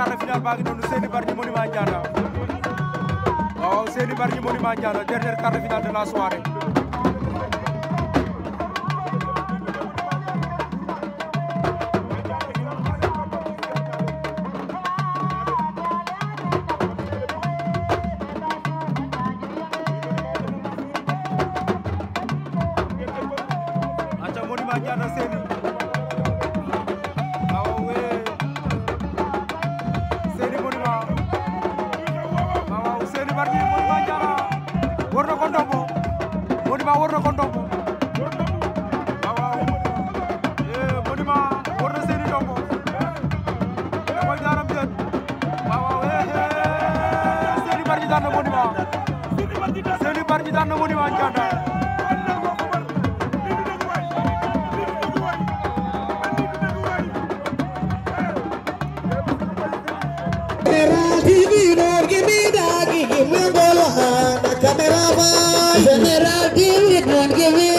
quart de finale baa ngi noonu Seny Bargny Monument Ndianda waaw Seny Bargny Monument Ndianda dernier quart de finale de la soirée Monument Ndianda Seny war na ko ndombo Monument war na ko ndombo waaw waaw Monument war na seeni ndombo mooy jaaram jën waaw waaw seeni barñi daan na Monument seeni barñi daan na Monument Ndianda give me